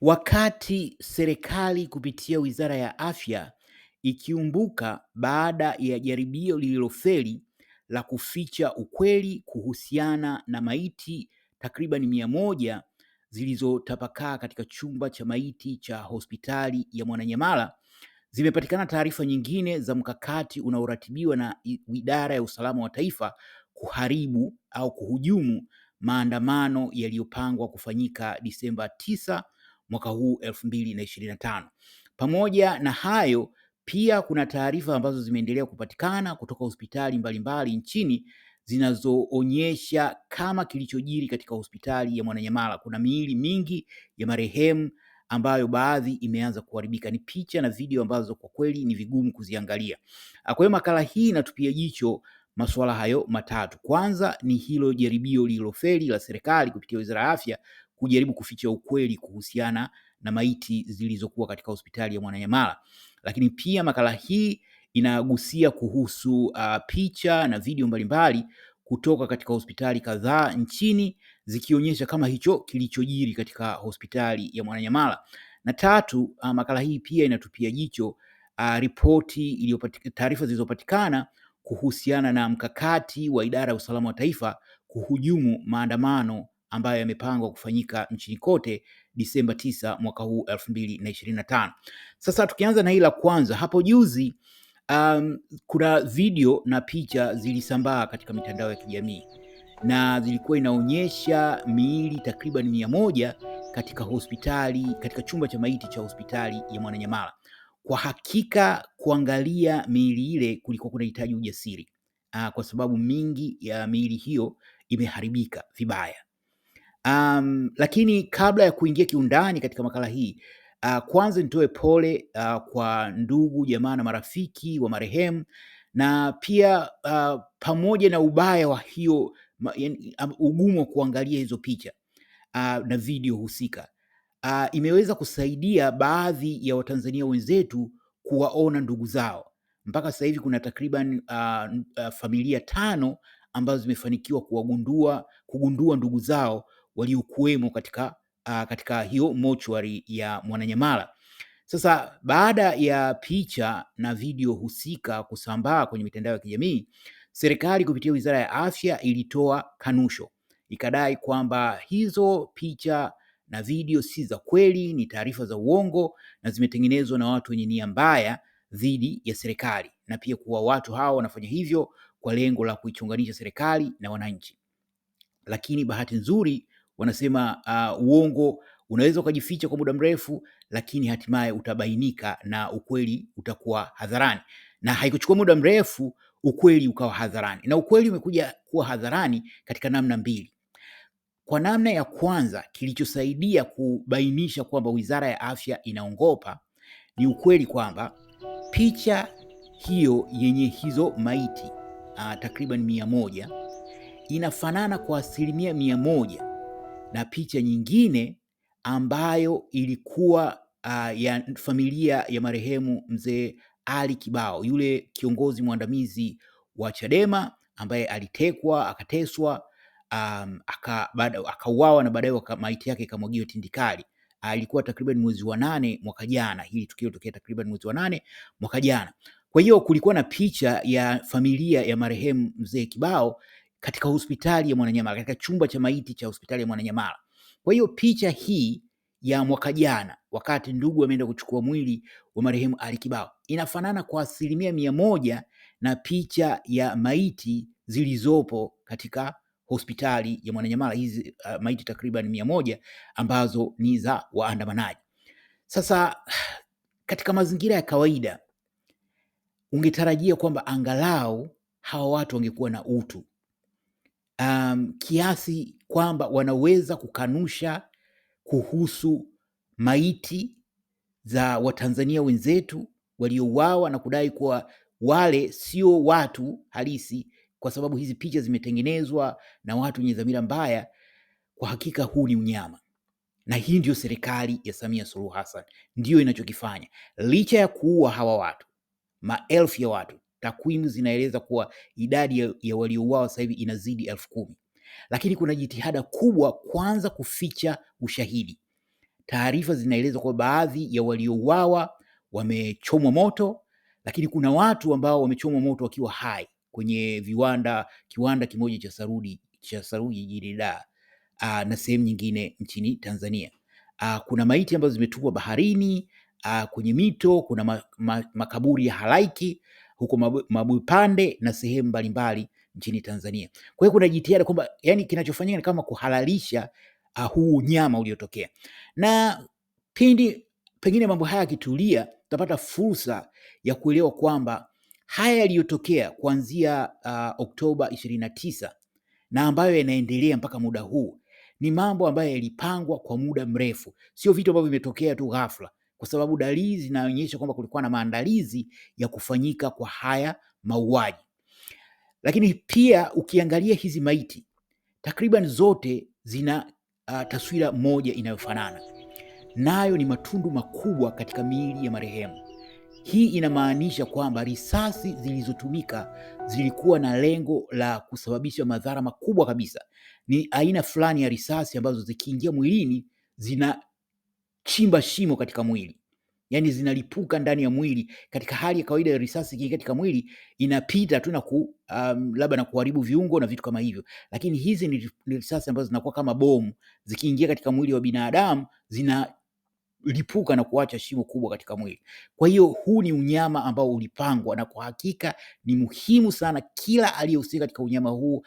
Wakati serikali kupitia Wizara ya Afya ikiumbuka baada ya jaribio lililofeli la kuficha ukweli kuhusiana na maiti takriban mia moja zilizotapakaa katika chumba cha maiti cha hospitali ya Mwananyamala, zimepatikana taarifa nyingine za mkakati unaoratibiwa na Idara ya Usalama wa Taifa kuharibu au kuhujumu maandamano yaliyopangwa kufanyika Disemba tisa mwaka huu 2025. Pamoja na hayo, pia kuna taarifa ambazo zimeendelea kupatikana kutoka hospitali mbalimbali nchini zinazoonyesha kama kilichojiri katika hospitali ya Mwananyamala. Kuna miili mingi ya marehemu ambayo baadhi imeanza kuharibika. Ni picha na video ambazo kwa kweli ni vigumu kuziangalia. Ah, kwa hiyo makala hii inatupia jicho masuala hayo matatu. Kwanza ni hilo jaribio lililofeli la serikali kupitia Wizara ya Afya kujaribu kuficha ukweli kuhusiana na maiti zilizokuwa katika hospitali ya Mwananyamala. Lakini pia makala hii inagusia kuhusu uh, picha na video mbalimbali kutoka katika hospitali kadhaa nchini zikionyesha kama hicho kilichojiri katika hospitali ya Mwananyamala. Na tatu, uh, makala hii pia inatupia jicho uh, ripoti iliyopatikana, taarifa zilizopatikana kuhusiana na mkakati wa idara ya usalama wa taifa kuhujumu maandamano ambayo yamepangwa kufanyika nchini kote Disemba tisa mwaka huu elfu mbili na ishirini na tano. Sasa tukianza na hili la kwanza, hapo juzi um, kuna video na picha zilisambaa katika mitandao ya kijamii na zilikuwa inaonyesha miili takriban mia moja katika hospitali katika chumba cha maiti cha hospitali ya Mwananyamala. Kwa hakika kuangalia miili ile kulikuwa kunahitaji ujasiri, uh, kwa sababu mingi ya miili hiyo imeharibika vibaya. Um, lakini kabla ya kuingia kiundani katika makala hii uh, kwanza nitoe pole uh, kwa ndugu jamaa na marafiki wa marehemu na pia uh, pamoja na ubaya wa hiyo ugumu wa kuangalia hizo picha uh, na video husika uh, imeweza kusaidia baadhi ya Watanzania wenzetu kuwaona ndugu zao. Mpaka sasa hivi kuna takriban uh, uh, familia tano ambazo zimefanikiwa kuwagundua kugundua ndugu zao waliokuwemo katika, uh, katika hiyo mochwari ya Mwananyamala. Sasa baada ya picha na video husika kusambaa kwenye mitandao ya kijamii, serikali kupitia Wizara ya Afya ilitoa kanusho, ikadai kwamba hizo picha na video si za kweli, ni taarifa za uongo na zimetengenezwa na watu wenye nia mbaya dhidi ya serikali, na pia kuwa watu hao wanafanya hivyo kwa lengo la kuichunganisha serikali na wananchi. Lakini bahati nzuri wanasema uh, uongo unaweza ukajificha kwa muda mrefu, lakini hatimaye utabainika na ukweli utakuwa hadharani. Na haikuchukua muda mrefu ukweli ukawa hadharani, na ukweli umekuja kuwa hadharani katika namna mbili. Kwa namna ya kwanza, kilichosaidia kubainisha kwamba Wizara ya Afya inaongopa ni ukweli kwamba picha hiyo yenye hizo maiti uh, takriban mia moja inafanana kwa asilimia mia moja na picha nyingine ambayo ilikuwa uh, ya familia ya marehemu mzee Ali Kibao, yule kiongozi mwandamizi wa Chadema ambaye alitekwa akateswa, um, akauawa na baadaye maiti yake ikamwagiwa tindikali. Alikuwa ah, takriban mwezi wa nane mwaka jana, hili tukio lilitokea takriban mwezi wa nane mwaka jana. Kwa hiyo kulikuwa na picha ya familia ya marehemu mzee Kibao katika hospitali ya Mwananyamala, katika chumba cha maiti cha hospitali ya Mwananyamala. Kwa hiyo picha hii ya mwaka jana wakati ndugu ameenda kuchukua mwili wa marehemu Ali Kibao inafanana kwa asilimia mia moja na picha ya maiti zilizopo katika hospitali ya Mwananyamala, hizi uh, maiti takriban mia moja ambazo ni za waandamanaji. Sasa katika mazingira ya kawaida ungetarajia kwamba angalau hawa watu wangekuwa na utu, um, kiasi kwamba wanaweza kukanusha kuhusu maiti za Watanzania wenzetu waliouawa na kudai kuwa wale sio watu halisi, kwa sababu hizi picha zimetengenezwa na watu wenye dhamira mbaya. Kwa hakika huu ni unyama, na hii ndiyo serikali ya Samia Suluhu Hassan ndiyo inachokifanya, licha ya kuua hawa watu, maelfu ya watu, Takwimu zinaeleza kuwa idadi ya waliouawa sasa hivi inazidi elfu kumi, lakini kuna jitihada kubwa kwanza kuficha ushahidi. Taarifa zinaeleza kuwa baadhi ya waliouawa wamechomwa moto, lakini kuna watu ambao wamechomwa moto wakiwa hai kwenye viwanda, kiwanda kimoja cha saruji cha saruji jijini Dar na sehemu nyingine nchini Tanzania. Aa, kuna maiti ambazo zimetupwa baharini, aa, kwenye mito, kuna ma, ma, makaburi ya halaiki huko Mabu, Mabwepande na sehemu mbalimbali nchini Tanzania. Kwa hiyo kuna jitihada kwamba yani kinachofanyika ni kama kuhalalisha uh, huu nyama uliotokea, na pindi pengine mambo haya yakitulia, tutapata fursa ya kuelewa kwamba haya yaliyotokea kuanzia uh, Oktoba ishirini na tisa na ambayo yanaendelea mpaka muda huu ni mambo ambayo yalipangwa kwa muda mrefu, sio vitu ambavyo vimetokea tu ghafla kwa sababu dalili zinaonyesha kwamba kulikuwa na maandalizi ya kufanyika kwa haya mauaji. Lakini pia ukiangalia hizi maiti takriban zote zina uh, taswira moja inayofanana nayo ni matundu makubwa katika miili ya marehemu. Hii inamaanisha kwamba risasi zilizotumika zilikuwa na lengo la kusababisha madhara makubwa kabisa. Ni aina fulani ya risasi ambazo zikiingia mwilini zina zinachimba shimo katika mwili, yani zinalipuka ndani ya mwili. Katika hali ya kawaida ya risasi hii katika mwili inapita tu na ku, um, labda na kuharibu viungo na vitu kama hivyo, lakini hizi ni risasi ambazo zinakuwa kama bomu, zikiingia katika mwili wa binadamu zina lipuka na kuacha shimo kubwa katika mwili. Kwa hiyo huu ni unyama ambao ulipangwa, na kwa hakika ni muhimu sana kila aliyehusika katika unyama huu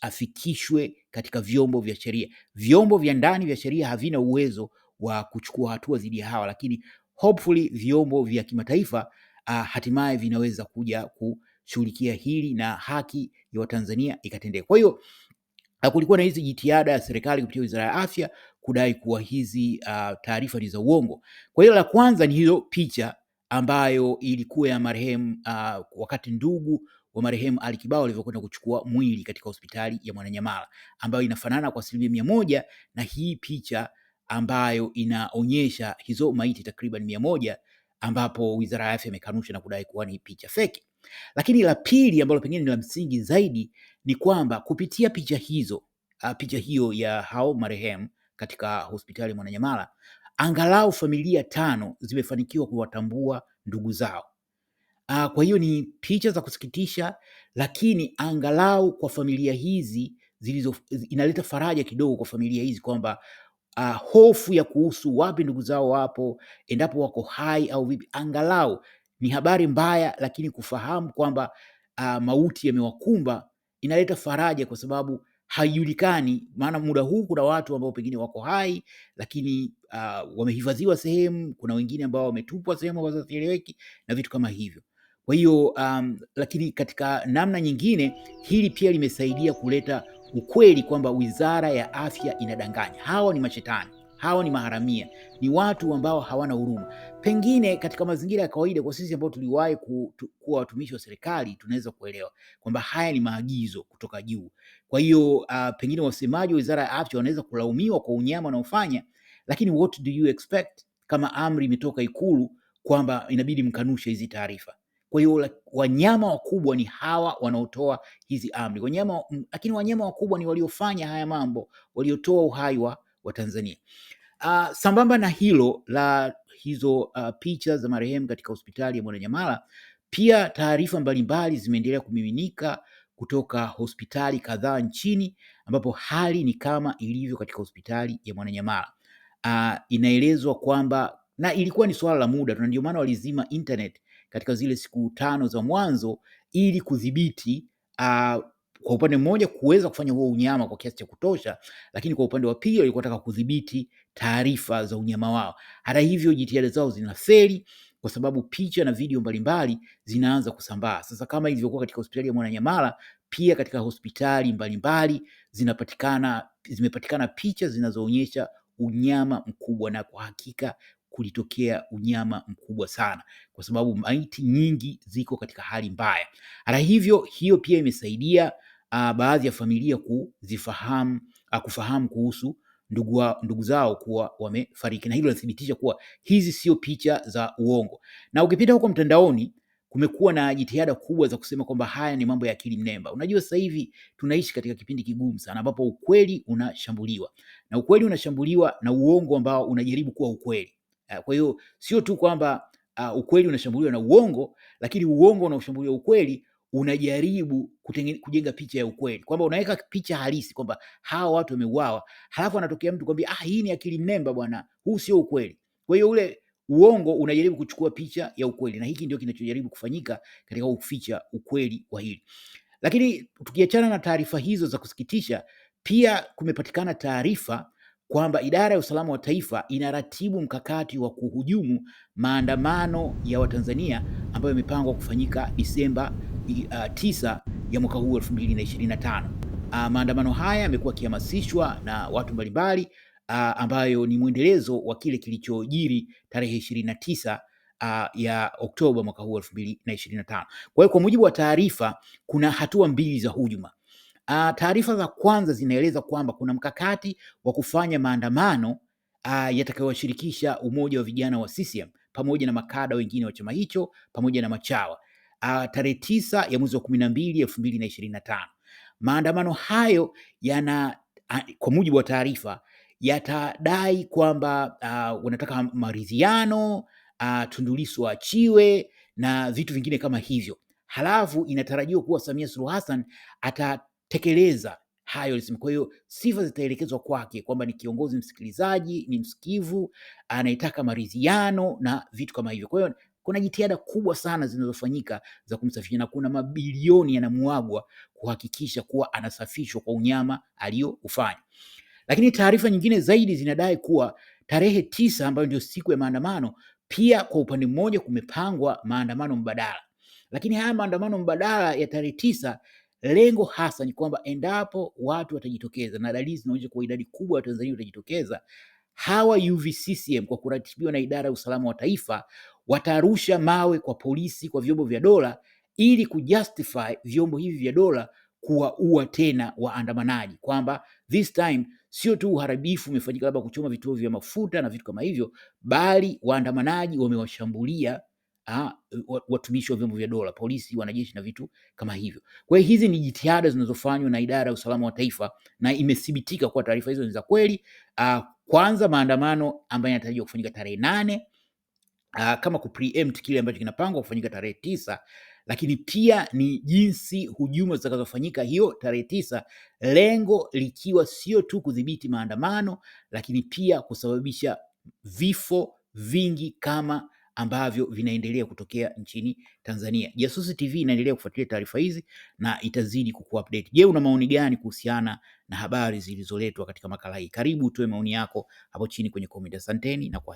afikishwe katika vyombo vya sheria. Vyombo vya ndani vya sheria havina uwezo wa kuchukua hatua dhidi ya hawa, lakini hopefully vyombo vya kimataifa uh, hatimaye vinaweza kuja kushughulikia hili na haki ya Watanzania ikatendeka. Kwa hiyo ah, kulikuwa na hizi jitihada ya serikali kupitia Wizara ya Afya kudai kuwa hizi uh, taarifa ni za uongo. Kwa hiyo la kwanza ni hiyo picha ambayo ilikuwa ya marehemu uh, wakati ndugu wa marehemu Ali Kibao alivyokwenda kuchukua mwili katika hospitali ya Mwananyamala ambayo inafanana kwa asilimia mia moja na hii picha ambayo inaonyesha hizo maiti takriban mia moja ambapo Wizara ya Afya imekanusha na kudai kuwa ni picha feki. Lakini la pili ambalo pengine ni la msingi zaidi ni kwamba kupitia picha hizo, picha hiyo ya hao marehemu katika hospitali Mwananyamala, angalau familia tano zimefanikiwa kuwatambua ndugu zao. Kwa hiyo ni picha za kusikitisha, lakini angalau kwa familia hizi zilizo inaleta faraja kidogo kwa familia hizi kwamba uh, hofu ya kuhusu wapi ndugu zao wapo, endapo wako hai au vipi. Angalau ni habari mbaya, lakini kufahamu kwamba uh, mauti yamewakumba inaleta faraja, kwa sababu haijulikani. Maana muda huu kuna watu ambao pengine wako hai lakini uh, wamehifadhiwa sehemu, kuna wengine ambao wametupwa sehemu ambazo hazieleweki na vitu kama hivyo. Kwa hiyo um, lakini katika namna nyingine hili pia limesaidia kuleta ukweli kwamba wizara ya afya inadanganya. Hawa ni mashetani, hawa ni maharamia, ni watu ambao hawana huruma. Pengine katika mazingira ya kawaida, kwa sisi ambao tuliwahi ku, tu, kuwa watumishi wa serikali tunaweza kuelewa kwamba haya ni maagizo kutoka juu. Kwa hiyo uh, pengine wasemaji wa wizara ya afya wanaweza kulaumiwa kwa unyama wanaofanya, lakini what do you expect kama amri imetoka Ikulu kwamba inabidi mkanushe hizi taarifa. Kwa hiyo wanyama wakubwa ni hawa wanaotoa hizi amri wanyama, lakini wanyama wakubwa ni waliofanya haya mambo, waliotoa uhai wa Watanzania. Uh, ah, sambamba na hilo la hizo uh, picha za marehemu katika hospitali ya Mwananyamala, pia taarifa mbalimbali zimeendelea kumiminika kutoka hospitali kadhaa nchini ambapo hali ni kama ilivyo katika hospitali ya Mwananyamala. Uh, inaelezwa kwamba na ilikuwa ni swala la muda, na ndio maana walizima internet katika zile siku tano za mwanzo ili kudhibiti uh, kwa upande mmoja kuweza kufanya huo unyama kwa kiasi cha kutosha, lakini kwa upande wa pili walikuwa wanataka kudhibiti taarifa za unyama wao. Hata hivyo, jitihada zao zinafeli kwa sababu picha na video mbalimbali zinaanza kusambaa. Sasa kama ilivyokuwa katika hospitali ya Mwananyamala, pia katika hospitali mbalimbali zinapatikana zimepatikana picha zinazoonyesha unyama mkubwa, na kwa hakika kulitokea unyama mkubwa sana, kwa sababu maiti nyingi ziko katika hali mbaya. Hata hivyo, hiyo pia imesaidia uh, baadhi ya familia kuzifahamu uh, kufahamu kuhusu ndugu, wa, ndugu zao kuwa wamefariki, na hilo linathibitisha kuwa hizi sio picha za uongo. Na ukipita huko mtandaoni kumekuwa na jitihada kubwa za kusema kwamba haya ni mambo ya akili mnemba. Unajua, sasa hivi tunaishi katika kipindi kigumu sana, ambapo ukweli unashambuliwa na ukweli unashambuliwa na uongo ambao unajaribu kuwa ukweli. Eh, kwa hiyo sio tu kwamba uh, ukweli unashambuliwa na uongo, lakini uongo unaoshambulia ukweli unajaribu kujenga picha ya ukweli kwamba unaweka picha halisi kwamba hawa watu wameuawa, halafu anatokea mtu kwambia, ah, hii ni akili mnemba bwana, huu sio ukweli. Kwa hiyo ule uongo unajaribu kuchukua picha ya ukweli, na hiki ndio kinachojaribu kufanyika katika kuficha ukweli wa hili. Lakini tukiachana na taarifa hizo za kusikitisha, pia kumepatikana taarifa kwamba idara ya usalama wa taifa inaratibu mkakati wa kuhujumu maandamano ya Watanzania ambayo yamepangwa kufanyika Disemba uh, tisa ya mwaka huu 2025. Uh, maandamano haya yamekuwa yakihamasishwa na watu mbalimbali uh, ambayo ni mwendelezo wa kile kilichojiri tarehe ishirini na tisa Uh, ya Oktoba mwaka huu 2025. Kwa hiyo kwa mujibu wa taarifa kuna hatua mbili za hujuma. Uh, taarifa za kwanza zinaeleza kwamba kuna mkakati wa kufanya maandamano uh, yatakayowashirikisha umoja wa vijana wa CCM pamoja na makada wengine wa chama hicho pamoja na machawa uh, tarehe tisa ya mwezi wa kumi na mbili elfu mbili na ishirini na tano. Maandamano hayo yana uh, kwa mujibu wa taarifa yatadai kwamba uh, wanataka maridhiano uh, Tundu Lissu na vitu vingine kama hivyo. Halafu inatarajiwa kuwa Samia Suluhu Hassan ata kutekeleza hayo. Kwa hiyo sifa zitaelekezwa kwake kwamba ni kiongozi msikilizaji, ni msikivu, anaitaka maridhiano na vitu kama hivyo. Kwa hiyo kuna jitihada kubwa sana zinazofanyika za kumsafisha na kuna mabilioni yanamwagwa kuhakikisha kuwa anasafishwa kwa unyama aliyoufanya. Lakini taarifa nyingine zaidi zinadai kuwa tarehe tisa ambayo ndio siku ya maandamano, pia kwa upande mmoja kumepangwa maandamano mbadala, lakini haya maandamano mbadala ya tarehe tisa Lengo hasa ni kwamba endapo watu watajitokeza, na dalili zinaonyesha kuwa idadi kubwa ya Tanzania watajitokeza, hawa UVCCM kwa kuratibiwa na idara ya usalama wa taifa watarusha mawe kwa polisi, kwa vyombo vya dola ili kujustify vyombo hivi vya dola kuwaua tena waandamanaji, kwamba this time sio tu uharibifu umefanyika labda kuchoma vituo vya mafuta na vitu kama hivyo, bali waandamanaji wamewashambulia watumishi wa vyombo vya dola, polisi, wanajeshi na vitu kama hivyo. Kwa hiyo hizi ni jitihada zinazofanywa na idara ya usalama wa taifa na imethibitika kuwa taarifa hizo ni za kweli. Ah, kwanza maandamano ambayo yanatarajiwa kufanyika tarehe nane ah, kama ku preempt kile ambacho kinapangwa kufanyika tarehe tisa lakini pia ni jinsi hujuma zitakazofanyika hiyo tarehe tisa, lengo likiwa sio tu kudhibiti maandamano, lakini pia kusababisha vifo vingi kama ambavyo vinaendelea kutokea nchini Tanzania. Jasusi TV inaendelea kufuatilia taarifa hizi na itazidi kukuupdate. Je, una maoni gani kuhusiana na habari zilizoletwa katika makala hii? Karibu utoe maoni yako hapo chini kwenye comment. Asanteni na kwa